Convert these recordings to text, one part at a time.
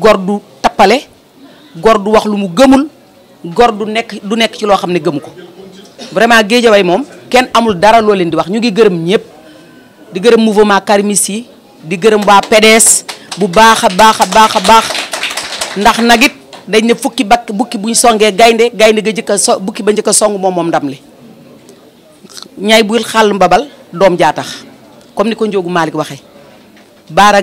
gor du tappale gor du wax lu mu gëmul gor du nekk du nekk ci loo xam ne gëmu ko vraiment géejawaay moom kenn amul dara loo leen di wax ñu ngi gërëm ñëpp di gërëm mouvement karimis yi di gërëm waa PDS bu baax a baax a baax a baax ndax nag it dañ ne fukki bakk bukki buñ songee gaynde gaynde ga njëkk bukki ba njëkk song moom moom ndam li ñaay bul xàll mbabal doom jaa tax comme ni ko Njóogu Malick waxee Baara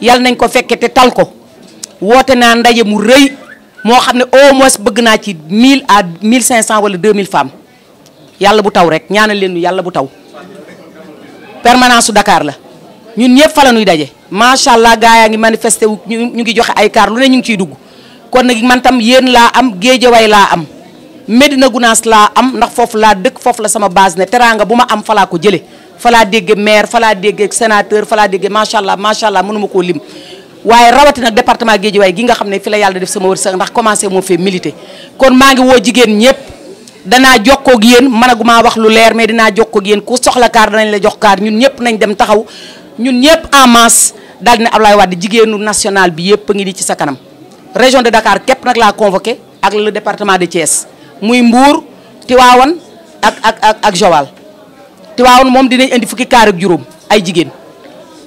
yal nañ ko fekke te tal ko woote naa ndaje mu rëy moo xam au moins bëgg naa ci 1000 à 1500 wala 2000 femmes yàlla bu taw rek ñaanal leen yàlla bu taw permanence su Dakar la ñun ñëpp fa la ñuy daje macha allah gaa yaa ngi ñu ngi joxe ay kaar lu ne ñu ngi ciy dugg kon nag man tam yéen la am géejawaay la am Medina Gunaas la am ndax foofu laa dëkk foofu la sama base ne teraanga buma am fa ko fa laa déggee maire fa laa déggee sénateur fa laa déggee macha allah macha allah mënuma koo lim. waaye rawatina département Guédiawaye gi nga xam ne fi la yàlla def sama wërsëg ndax commencé moo fee milité kon maa ngi woo jigéen ñëpp danaa jokkoo ak yéen mënaguma wax lu leer mais dinaa jokkoo ak yéen ku soxla kaar danañ la jox kaar ñun ñëpp nañ dem taxaw ñun ñëpp en masse daal dina Ablaye di jigéenu national bi yëpp a ngi di ci sa kanam région de Dakar képp nag laa convoqué ak le département de Thiès muy Mbour Tivaouane ak ak ak Tiwaawoon mom dinañ indi fukki kaar ak juróom ay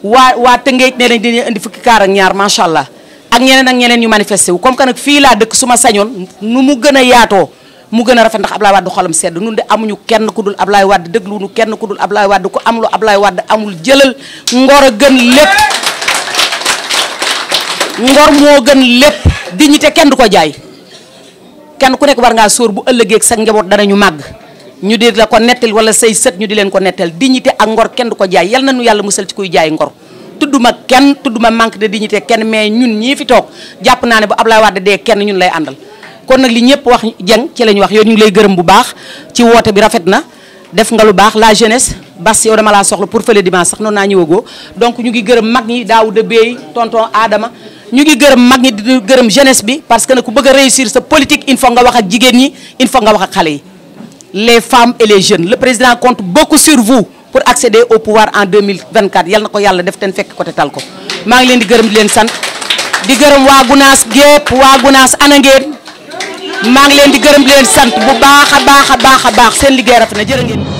wa wa waa Tëngéej ne lañ dinañ indi fukki kaar ak ñaar macha allah ak ñeneen ak ñeneen ñu manifester wu comme que nag fi la dekk suma sañon nu mu gëna yaato mu gëna rafet ndax Ablaye du xolam sedd nu de amuñu kenn ku dul Ablaye nu kenn ku dul Ablaye wad ku amlu Ablaye amul jëlal ngor gën lepp ngor mo gën lepp dignité kenn du ko jaay kenn ku nek war nga sor bu ëllëgé ak njabot dara ñu mag ñu di la ko nettal wala say sët ñu di leen ko nettal dignité ak ngor kenn du ko jaay yal na nu yàlla musal ci kuy jaay ngor tudduma kenn tudduma manque de dignité kenn mais ñun ñii fi toog jàpp naa ne bu Ablaye Wade dee kenn ñun lay àndal kon nag li ñëpp wax jeng ci la ñu wax yow ñu ngi lay gërëm bu baax ci woote bi rafet na def nga lu baax la jeunesse bas yow dama laa soxla pour fële dimanche sax noonu naa ñëwagoo donc ñu ngi gërëm mag ñi daaw de béy tonton Adama ñu ngi gërëm mag ñi di gërëm jeunesse bi parce que nag ku bëgg a sa politique il faut nga wax ak jigéen ñi il faut nga wax ak yi les femmes et les jeunes le président compte beaucoup sur vous pour accéder au pouvoir en 2024 Yalla nako yalla def ten fek côté te tal ko maa ngi leen di gërëm di leen sante. di gërëm wa gunas gep wa gunas ana ngeen maa leen di gërëm di leen sante bu baakha baakha baakha baax a baax seen liggéey rafet na jërë ngeen